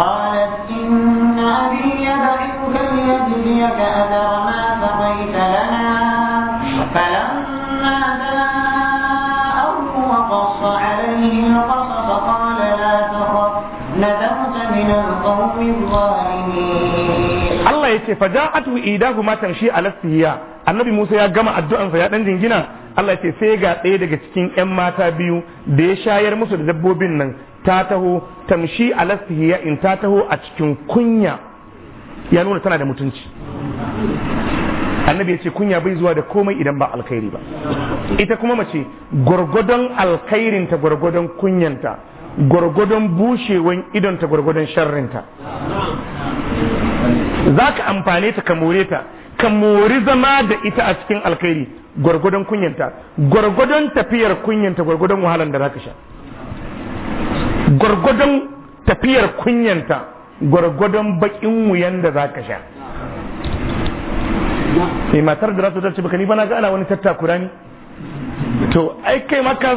قالت إن أبي allah ya ما سقيت لنا فلما جاءه وقص عليه القصص قال لا تخف annabi Musa ya gama addu'an sa ya dan jingina Allah ce sai ga ɗaya daga cikin 'yan mata biyu da ya shayar musu da dabbobin nan ta taho tamshi alastihiya in ta taho a cikin kunya ya nuna tana da mutunci annabi ya ce kunya bai zuwa da komai idan ba alkhairi ba ita kuma mace gwargwadon alkhairinta gwargwadon kunyanta gwargwadon bushewan idonta gwargwadon sharrinta za ka amfane ta ka more ta ka mori zama da ita a cikin alkhairi gwargwadon kunyanta gwargwadon tafiyar kunyanta gwargwadon wahalan da za ka sha gwargwadon tafiyar kunyanta gwargwadon bakin mu yanda za ka sha mai eh, matar da rasu tarci baka ni bana ga ana wani tattakura ne to ai kai ma ka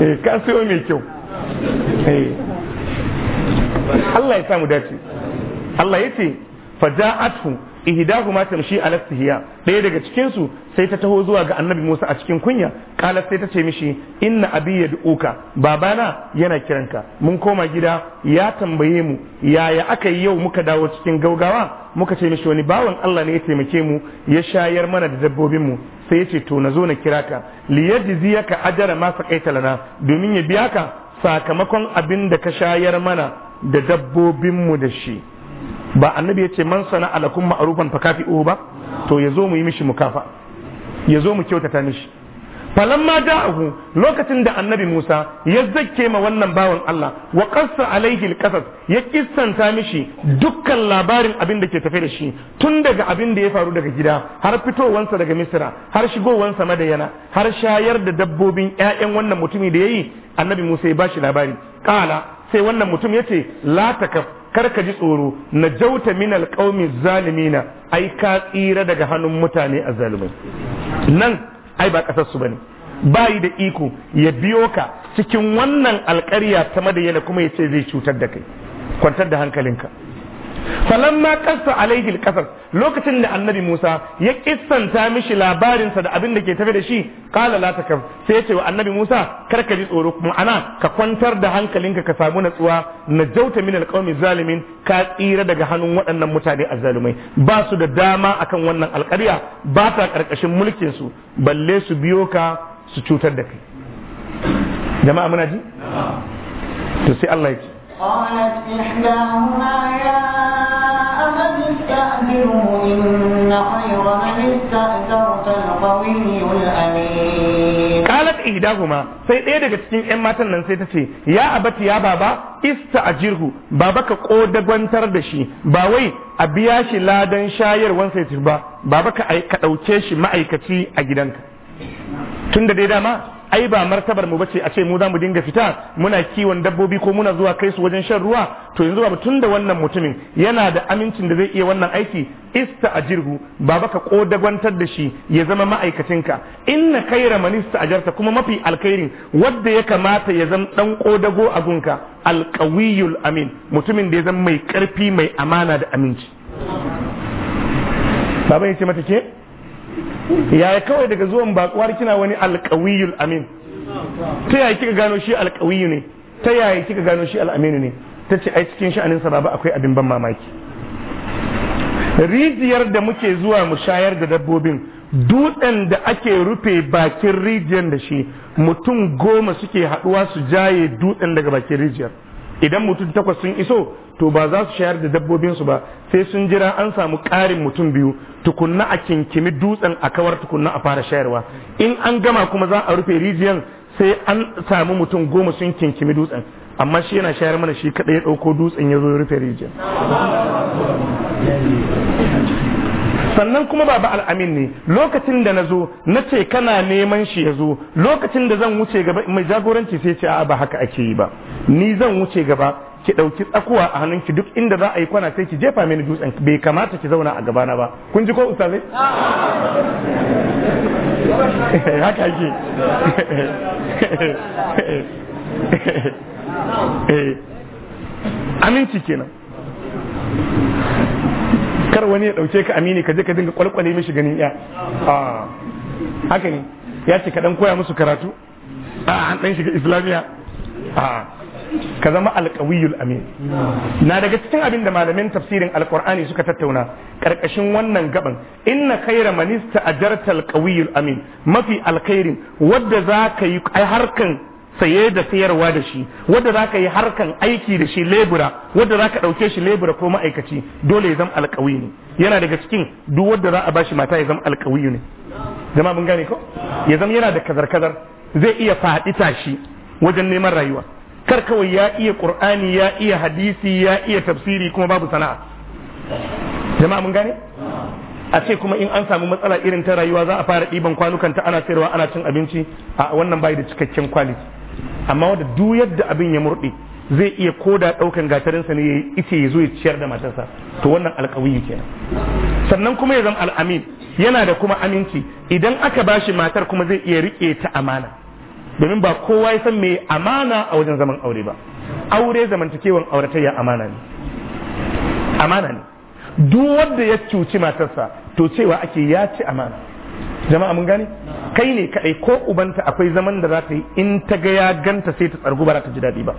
eh ka mai kyau eh. Allah ya samu dace Allah ya ce faja'atu ma tamshi ala istihiya ɗaya daga cikin su sai ta taho zuwa ga annabi Musa a cikin kunya kala sai ta ce mishi inna abi yad'uka babana yana kiranka mun koma gida ya tambaye mu yaya aka yi yau muka dawo cikin gaugawa muka ce mishi wani bawan Allah ne ya taimake mu ya shayar mana da dabbobin mu sai ya ce to na zo na kira ka liyajziyaka ajra ma saqaita lana domin ya biya ka sakamakon abin da ka shayar mana da dabbobinmu da shi ba annabi ya ce man sana alakum ma'rufan fa kafi'u ba to ya zo mu yi mishi mukafa ya zo mu kyautata mishi falamma da'ahu lokacin da annabi Musa ya zakke ma wannan bawan Allah wa qassa alaihi alqasas ya kissanta mishi dukkan labarin abin da ke tafe da shi tun daga abin da ya faru daga gida har fitowansa daga Misra har shigowansa Madayana har shayar da dabbobin ƴaƴan wannan mutumi da yayi annabi Musa ya bashi labari qala sai wannan mutum yace la takaf kar ka ji tsoro na jauta min alqaumi zalimina ai ka tsira daga hannun mutane a azzalumai nan ai ba ƙasar su bane bayi da iko ya biyo ka cikin wannan alƙarya ta madayyana kuma ya zai cutar da kai kwantar da hankalinka falamma kassa alaihi alqasas lokacin da annabi Musa ya kissanta mishi labarinsa da abin da ke tafe da shi qala la takaf sai ya ce wa annabi Musa kar ka ji tsoro kuma ana ka kwantar da hankalinka ka samu natsuwa na jauta min alqawmi zalimin ka tsira daga hannun waɗannan mutane azzalumai ba su da dama akan wannan alƙarya ba ta karkashin mulkin su balle su biyo ka su cutar da kai jama'a muna ji to sai Allah ya ce قالت إحداهما يا sai ɗaya daga cikin 'yan matan nan sai ta ce ya abati ya baba ista a jirhu baba ka ƙodagwantar da shi ba wai a biya shi ladan wansa ya ba baba ka ɗauke shi ma'aikaci a gidanka tun da dai dama ai ba martabar mu bace a ce mu za mu dinga fita muna kiwon dabbobi ko muna zuwa kai su wajen shan ruwa to yanzu ba tun da wannan mutumin yana da amincin da zai iya wannan aiki ista ajirhu ba baka kodagwantar da shi ya zama ma'aikacinka inna kaira manista ajarta kuma mafi alkhairin wanda ya kamata ya zama dan kodago a gunka alqawiyul amin mutumin da ya zama mai karfi mai amana da aminci baba ya ce mata ke yaya kawai daga zuwan bakuwar kina wani alkawiyul amin ta yaya kika gano shi alkawiyu ne ta yaya kika gano shi al'aminu ne ta ce ai cikin sha'anin sa baba akwai abin ban mamaki rijiyar da muke zuwa mu shayar da dabbobin dutsen da ake rufe bakin rijiyar da shi mutum goma suke haɗuwa su jaye dutsen daga bakin rijiyar idan mutum takwas sun iso to ba za su shayar da dabbobinsu ba sai sun jira an samu ƙarin mutum biyu tukunna a kinkimi dutsen a kawar tukunna a fara shayarwa in an gama kuma za a rufe rijiyan sai an samu mutum goma sun kinkimi dutsen amma shi yana shayar mana shi kaɗai ya ɗauko dutsen ya zo rufe rijiyar sannan kuma baba al'amin ne lokacin da na zo na ce kana neman shi ya zo lokacin da zan wuce gaba mai jagoranci sai ce a ba haka ake yi ba ni zan wuce gaba ki ɗauki tsakuwa a hannunki duk inda za a yi kwana sai ki jefa mini dutsen bai kamata ki zauna a gabana ba kun ji ko ustaze [laughs] haka ke [laughs] eh. eh. aminci kenan kar wani ya dauke ka amini ka je ka dinga kwalkwale mishi ganin ya ah, haka ne ya ce ka dan koya musu karatu a ah, an dan shiga islamiya a ah, ka zama alkawiyul amin na daga cikin abin da malamin tafsirin Alƙur'ani suka tattauna karkashin wannan gaban inna khaira manista ajartal qawiyul amin mafi alkhairin wadda za ka yi harkan saye da sayarwa da shi wanda za ka yi harkan aiki da shi lebura wanda za ka ɗauke shi lebura ko ma'aikaci dole ya zama alƙawi ne yana daga cikin duk wanda za a ba shi mata ya zama alƙawi ne zama mun gane ko ya zama yana da kazar-kazar zai iya faɗi shi wajen neman rayuwa kar kawai ya iya ƙur'ani ya iya hadisi ya iya tafsiri kuma babu sana'a jama'a mun gane a ce kuma in an samu matsala irin ta rayuwa za a fara ɗiban kwanukanta ta ana sayarwa ana cin abinci a wannan bai da cikakken kwaliti amma wanda duk yadda abin ya murɗe zai iya koda ɗaukan gatarinsa ne ya ya zo ya ciyar da matarsa to wannan alƙawiyu kenan sannan kuma ya zama al'amin yana da kuma aminci idan aka bashi matar kuma zai iya riƙe ta amana domin ba kowa ya san me amana a wajen zaman aure ba aure zamantakewan auratayya amana ne amana ne duk wanda ya cuci matarsa to cewa ake ya ci amana jama'a mun gane kai ne kadai ko ubanta akwai zaman da za ta yi in ta ga ya ganta sai ta tsargu ba za ta ji daɗi ba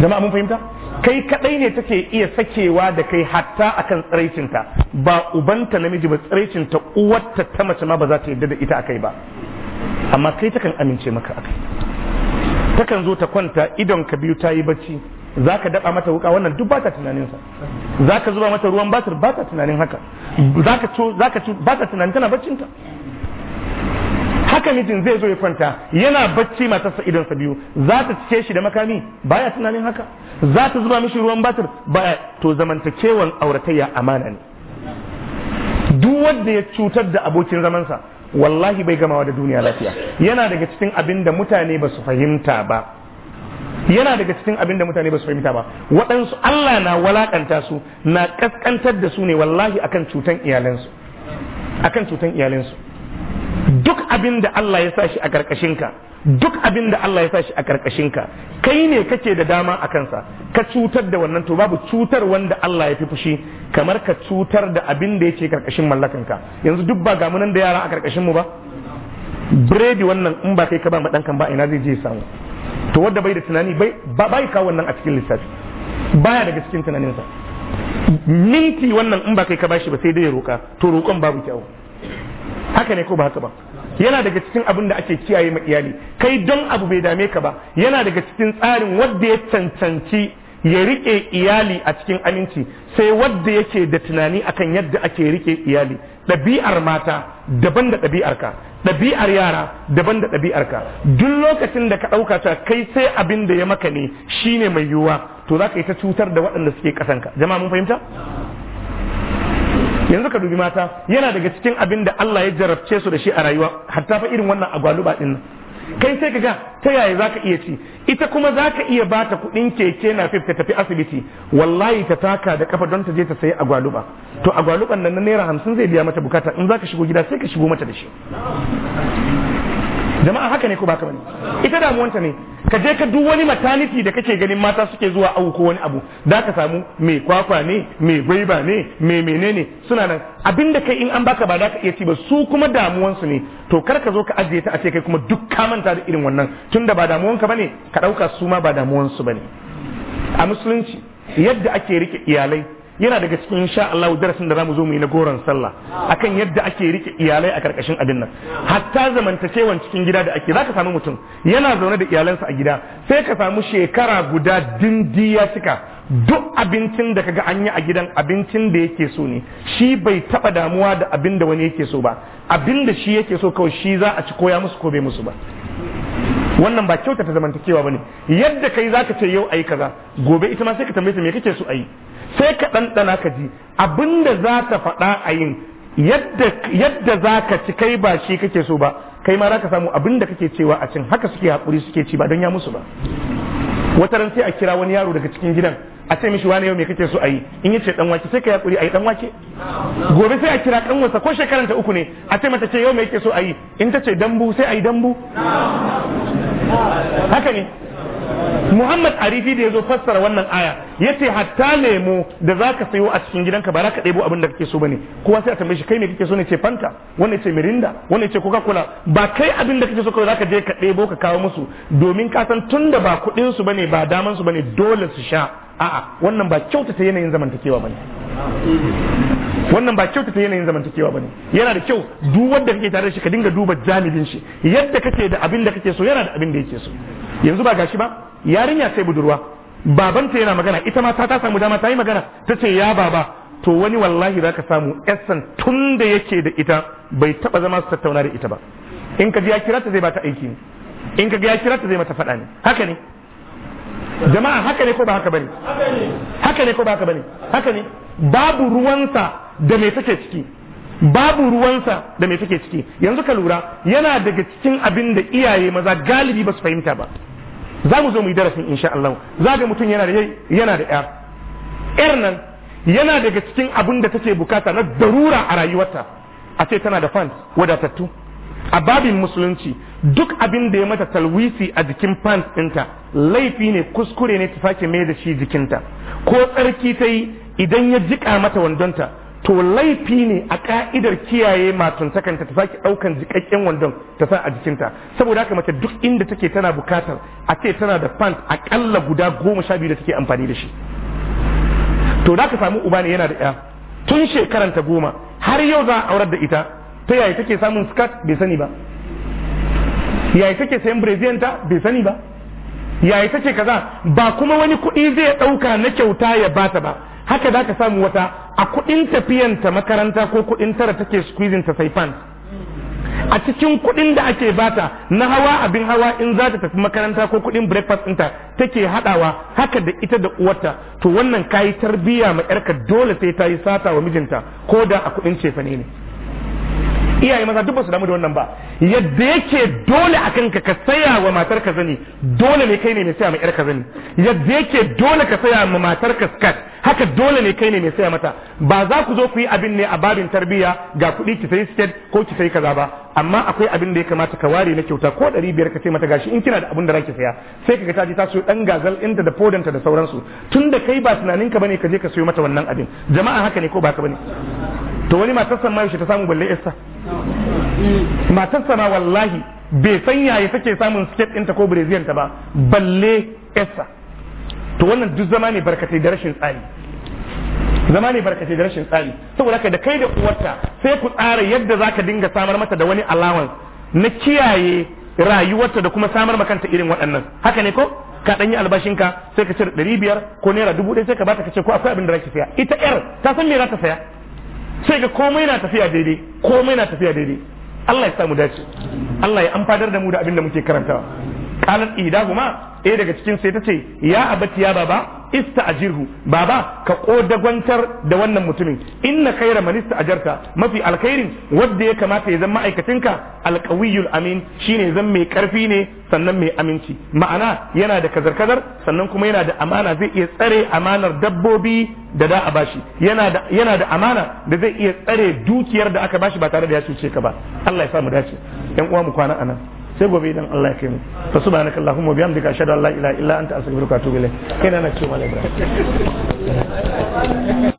jama'a mun fahimta kai kadai ne take iya sakewa da kai hatta akan tsiraicinta ba ubanta namiji ba tsiraicinta uwarta ta mace ma ba za ta yarda da ita akai ba amma kai takan amince maka akai takan zo ta kwanta idon ka biyu ta yi bacci za ka daɓa mata wuka wannan duk ba ta sa za ka zuba mata ruwan batir ba ta tunanin haka za ka ci ba ta tunanin tana baccinta haka mijin zai zo ya kwanta yana bacci matarsa idansa biyu za ta cike shi da makami baya tunanin haka za ta zuba mishi ruwan batir baya to zamantakewan auratayya amana ne duk wanda ya cutar da abokin zamansa wallahi bai gamawa da duniya lafiya yana daga cikin abin da mutane ba su fahimta ba yana daga cikin abin da mutane ba su fahimta ba waɗansu Allah na walakanta su na ƙasƙantar da su ne wallahi akan cutan iyalansu akan cutan iyalansu duk abin da Allah ya sa shi a ƙarƙashinka duk abin da Allah ya sa shi a ƙarƙashinka kai ne kake da dama a kansa ka cutar da wannan to babu cutar wanda Allah ya fi fushi kamar ka cutar da abin da yake ƙarƙashin mallakanka yanzu duk ba ga nan da yara a ƙarƙashin mu ba biredi wannan in ba kai ka ba ma kan ba ina zai je samu to wanda bai da tunani bai bai kawo wannan a cikin lissafi baya daga cikin tunaninsa minti wannan in ba kai ka bashi ba sai dai ya roka to roƙon babu kyau haka ne ko ba haka ba yana daga cikin abin da ake kiyaye ma iyali kai don abu bai dame ka ba yana daga cikin tsarin wadda ya cancanci ya rike iyali a cikin aminci sai wadda yake da tunani akan yadda ake rike iyali ɗabi'ar mata daban da ɗabi'ar ka ɗabi'ar yara daban da ɗabi'ar ka duk lokacin da ka ɗauka ta kai sai abin da ya maka ne shine mai yiwuwa to za ka yi ta cutar da waɗanda suke ƙasanka jama'a mun fahimta yanzu ka dubi mata yana daga cikin abin da Allah ya jarabce su da shi a rayuwa hatta fa irin wannan agwaluba din kai sai ka ga ta yaya zaka iya ci ita kuma zaka iya bata kudin keke na fif tafi asibiti wallahi ta taka da kafa don ta je ta sayi agwaluba to agwaluban nan na naira hamsin zai biya mata bukata in zaka shigo gida sai ka shigo mata da shi jama'a haka ne ko baka bane ita damuwanta ne ka je ka duk wani maternity da kake ganin mata suke zuwa awu ko wani abu da ka samu mai kwakwa ne mai gwaiba ne mai menene suna nan abinda kai in an baka ba da ka iya ci ba su kuma damuwansu ne to kar ka zo ka ajiye ta a ce kai kuma duk ka manta da irin wannan tunda ba damuwanka bane ka dauka su ma ba damuwansu bane a musulunci yadda ake rike iyalai yana daga cikin insha Allah darasin da zamu zo mu yi na goron sallah akan yadda ake rike iyalai a karkashin abin nan hatta zamantakewan cikin gida da ake zaka samu mutum yana zaune da iyalansa a gida sai ka samu shekara guda dindiya cika duk abincin da kaga an yi a gidan abincin da yake so ne shi bai taba damuwa da abin da wani yake so ba abin da shi yake so kawai shi za a ci koya musu ko bai musu ba wannan ba kyautata zamantakewa bane yadda kai zaka ce yau ayi kaza gobe ita ma sai ka tambaye ta me kake so ayi sai ka ɗanɗana ka ji abinda za ta faɗa a yin yadda za ka ci kai ba shi kake so ba kai ma za ka samu abinda kake cewa a cin haka suke haƙuri suke ci ba don ya musu ba wata ran sai a kira wani yaro daga cikin gidan a ce mishi wani yau me kake so a yi in yace ɗan wake sai ka haƙuri a yi ɗan wake gobe sai a kira ɗan wasa ko shekaran ta uku ne a ce mata ce yau me kake so a yi in ta ce dambu sai a yi dambu haka ne Muhammad Arifi da ya zo fassara wannan aya ya ce hatta lemo da za ka sayo a cikin gidanka ba za ka ɗebo abin da kake so bane kowa sai a tambaye shi kai me kake so ne ce fanta wani ce mirinda wani ce coca cola ba kai abin da kake so kawai za ka je ka ɗebo ka kawo musu domin ka san tun da ba kuɗin su bane ba daman su bane dole su sha a'a wannan ba kyautata yanayin zamantakewa bane wannan ba kyautata yanayin zamantakewa bane yana da kyau duk wanda kake tare da shi ka dinga duba jami'in shi yadda kake da abin da kake so yana da abin da yake so yanzu ba gashi ba yarinya sai budurwa babanta yana magana ita ma ta samu dama ta yi magana ta ce ya baba to wani wallahi za ka samu yasan tun da yake da ita bai taba zama su tattauna da ita ba in ka ji ya kira ta zai bata aiki ne in ka ga ya kira ta zai mata faɗa ne haka ne jama'a haka ne ko ba haka bane haka ne ko ba haka bane haka ne babu ruwansa da me take ciki babu ruwansa da mai take ciki yanzu ka lura yana daga cikin abin da iyaye maza galibi ba su fahimta ba za mu zo mu yi darasin insha Allah za ga mutum yana da yana da yar yar nan yana daga cikin abin da take bukata na darura a rayuwarta a ce tana da fans wadatattu a babin musulunci duk abin da ya mata talwisi a jikin fans ɗinta laifi ne kuskure ne ta mai da shi jikinta ko tsarki ta yi idan ya jika mata wandonta to laifi ne a ka'idar kiyaye matan matuntakanta ta sake ɗaukan jikakken wandon ta sa a jikinta saboda haka mace duk inda take tana bukatar a ce tana da a kalla guda goma sha biyu da take amfani da shi to da ka samu uba ne yana da ya tun shekaran ta goma har yau za a aurar da ita ta yaya take samun skirt bai sani ba yaya take sayan brazilian ta bai sani ba yaya take kaza ba kuma wani kuɗi zai ɗauka na kyauta ya bata ba haka za ka samu wata a kuɗin tafiyanta makaranta ko kuɗin tara take squeezing ta sai a cikin kuɗin da ake bata na hawa abin hawa in za ta tafi makaranta ko kuɗin breakfast inta take haɗawa haka da ita da uwarta to wannan kayi tarbiyya ma yarka dole sai ta yi sata wa mijinta ko da a kuɗin cefane ne iyaye maza duk ba su damu da wannan ba yadda yake dole a kanka ka saya wa matar ka zani dole ne kai ne mai saya ma ka zani yadda yake dole ka saya ma matar ka skat haka dole ne kai ne mai saya mata ba za ku zo ku yi abin ne a babin tarbiyya ga kuɗi ki sayi siket ko ki sayi kaza ba amma akwai abin da ya kamata ka ware na kyauta ko ɗari biyar ka ce mata gashi in kina da abin da za ki saya sai ka ga ta je ta siyo ɗan gazal inda da fodanta da sauransu tun da kai ba tunanin ka bane ka je ka sayo mata wannan abin jama'a haka ne ko ba ka bane to wani matar san ma yaushe ta samu balle esta matarsa ma wallahi bai san yaya take samun siket ɗinta ko brazilian ta ba balle esa to wannan duk zama ne barkatai da rashin tsari zama ne barkatai da rashin tsari saboda haka da kai da uwarta sai ku tsara yadda zaka dinga samar mata da wani allowance na kiyaye rayuwarta da kuma samar makanta irin waɗannan haka ne ko ka dan yi albashinka sai ka cire ɗari biyar ko naira dubu ɗaya sai ka bata ka ce ko akwai abin da zaki saya ita yar ta san me za ta saya sai ga komai na tafiya daidai komai na tafiya daidai Allah ya samu dace Allah ya amfadar da mu da abin da muke karantawa qalat guma ɗaya eh, daga cikin sai ce ya abati ya baba ista ista'jirhu baba ka kodagwantar da wannan mutumin inna khayra man ista'jarta mafi alkhairin wanda ya kamata ya zama ma'aikacinka alqawiyul amin shine zan mai karfi ne sannan mai aminci ma'ana yana da kazar-kazar sannan kuma yana da amana zai iya tsare amanar dabbobi da da a bashi yana da yana da amana da zai iya tsare dukiyar da aka bashi ba tare da ya cuce ka ba Allah ya sa mu dace yan uwa mu kwana anan sai gobe idan Allah ya kai mu fa subhanaka allahumma bihamdika ashhadu an la ilaha illa anta astaghfiruka wa atubu ilayk kai na na ce malai ibrahim